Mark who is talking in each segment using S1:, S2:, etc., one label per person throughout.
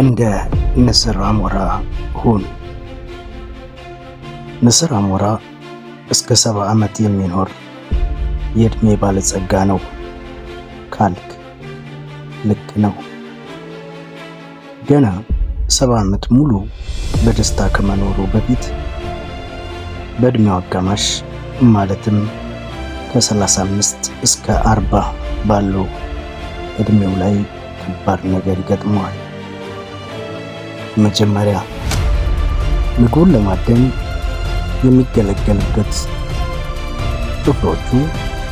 S1: እንደ ንስር አሞራ ሁን። ንስር አሞራ እስከ ሰባ ዓመት የሚኖር የዕድሜ ባለጸጋ ነው ካልክ ልክ ነው። ገና ሰባ ዓመት ሙሉ በደስታ ከመኖሩ በፊት በዕድሜው አጋማሽ ማለትም ከ35 እስከ 40 ባለው ዕድሜው ላይ ከባድ ነገር ይገጥመዋል። መጀመሪያ ምግቡን ለማደን የሚገለገልበት ጥፍሮቹ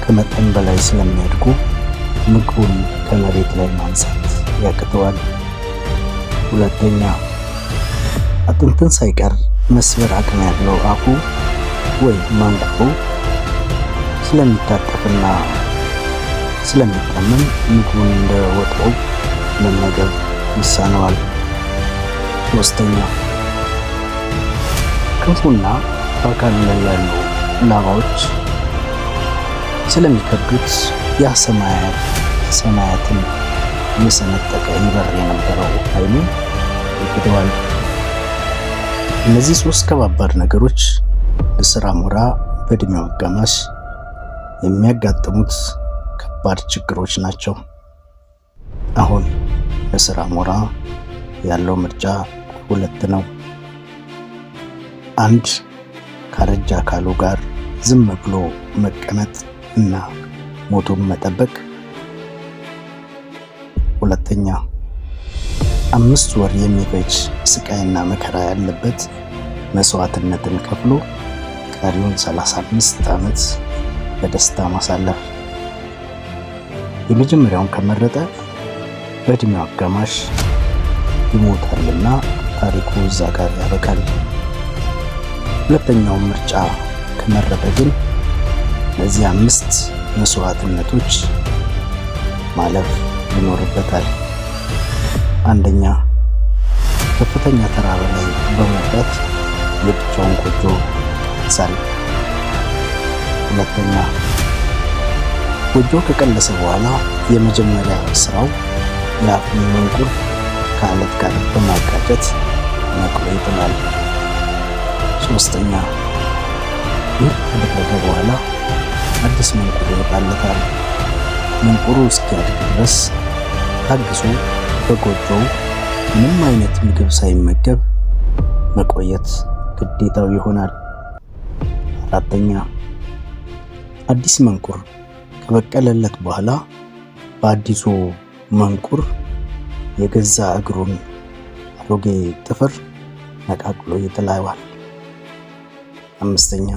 S1: ከመጠን በላይ ስለሚያድጉ ምግቡን ከመሬት ላይ ማንሳት ያቅተዋል። ሁለተኛ አጥንትን ሳይቀር መስበር አቅም ያለው አፉ ወይ ማንቁፉ ስለሚታጠፍና ስለሚጠመም ምግቡን እንደወጣው መመገብ ይሳነዋል። ሶስተኛ ክንፉና በአካል ላይ ያሉ ላባዎች ስለሚከብዱት ያ ሰማያት ሰማያትን እየሰነጠቀ ይበር የነበረው ኃይሉ ይክደዋል። እነዚህ ሶስት ከባባድ ነገሮች ለስራ ሞራ በእድሜው አጋማሽ የሚያጋጥሙት ከባድ ችግሮች ናቸው። አሁን ለስራ ሞራ ያለው ምርጫ ሁለት ነው። አንድ ካረጃ አካሉ ጋር ዝም ብሎ መቀመጥ እና ሞቱን መጠበቅ። ሁለተኛ አምስት ወር የሚፈጅ ስቃይና መከራ ያለበት መስዋዕትነትን ከፍሎ ቀሪውን 35 ዓመት በደስታ ማሳለፍ። የመጀመሪያውን ከመረጠ በእድሜው አጋማሽ ይሞታልና ታሪኩ እዛ ጋር ያበቃል። ሁለተኛውን ምርጫ ከመረጠ ግን እነዚህ አምስት መስዋዕትነቶች ማለፍ ይኖርበታል። አንደኛ ከፍተኛ ተራራ ላይ በመውጣት የብቻውን ጎጆ ይሳል። ሁለተኛ ጎጆ ከቀለሰ በኋላ የመጀመሪያ ስራው የአፍ መንቁር ከአለት ጋር በማጋጨት መቆየትናል። ሶስተኛ ይህ ከደረገ በኋላ አዲስ መንቁር ይወጣለታል። መንቁሩ እስኪያድግ ድረስ ታግሶ በጎጆው ምንም አይነት ምግብ ሳይመገብ መቆየት ግዴታው ይሆናል። አራተኛ አዲስ መንቁር ከበቀለለት በኋላ በአዲሱ መንቁር የገዛ እግሩን አሮጌ ጥፍር ነቃቅሎ ይጥላዋል። አምስተኛ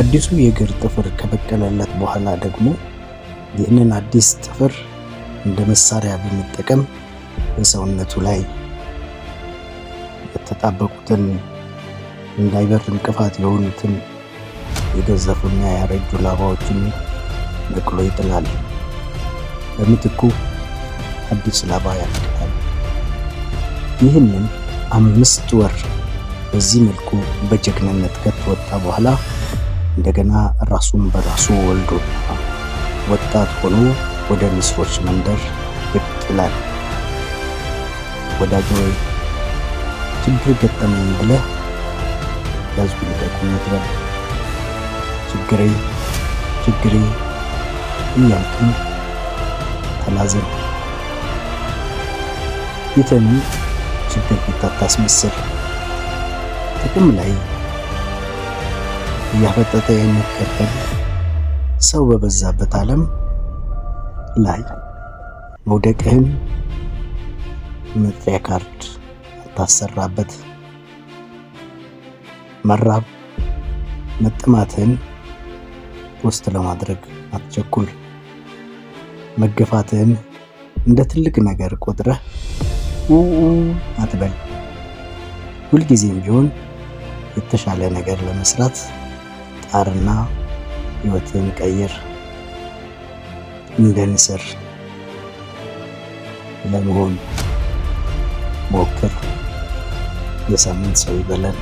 S1: አዲሱ የእግር ጥፍር ከበቀለለት በኋላ ደግሞ ይህንን አዲስ ጥፍር እንደ መሳሪያ በመጠቀም በሰውነቱ ላይ የተጣበቁትን እንዳይበር እንቅፋት የሆኑትን የገዘፉና ያረጁ ላባዎችን ነቅሎ ይጥላል። በምትኩ አዲስ ላባ ያለ ይህንን አምስት ወር በዚህ መልኩ በጀግንነት ከተወጣ በኋላ እንደገና ራሱን በራሱ ወልዶ ወጣት ሆኖ ወደ ንስሮች መንደር ብቅ ይላል። ወዳጅ ችግር ገጠመኝ ብለህ ለህዝቡ ልቀቁኝ ትበል። ችግሬ ችግሬ እያልክም ተናዘን ይተንም ችግር ፈታ ጥቅም ላይ እያፈጠጠ የሚከፈል ሰው በበዛበት ዓለም ላይ መውደቅህን መጥሪያ ካርድ አታሰራበት። መራብ መጠማትህን ፖስት ለማድረግ አትቸኩል። መገፋትህን እንደ ትልቅ ነገር ቆጥረህ አትበል። ሁልጊዜም ቢሆን የተሻለ ነገር ለመስራት ጣርና ህይወትን ቀይር። እንደ ንስር ለመሆን ሞክር። የሳምንት ሰው ይበለን።